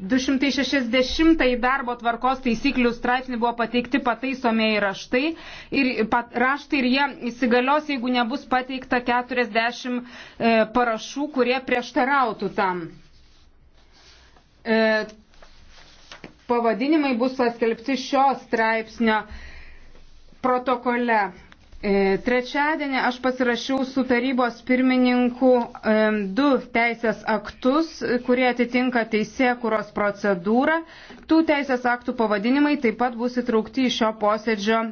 260 darbo tvarkos taisyklių straipsnį buvo pateikti pataisomieji raštai ir, pat, raštai ir jie įsigalios, jeigu nebus pateikta 40 e, parašų, kurie prieštarautų tam. E, pavadinimai bus paskelbti šio straipsnio protokole. E, trečiadienį aš pasirašiau su tarybos pirmininku e, du teisės aktus, kurie atitinka teisė kuros procedūrą. Tų teisės aktų pavadinimai taip pat bus įtraukti į šio posėdžio